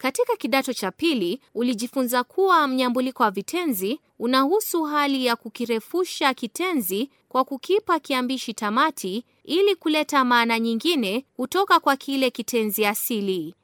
Katika kidato cha pili ulijifunza kuwa mnyambuliko wa vitenzi unahusu hali ya kukirefusha kitenzi kwa kukipa kiambishi tamati ili kuleta maana nyingine kutoka kwa kile kitenzi asili.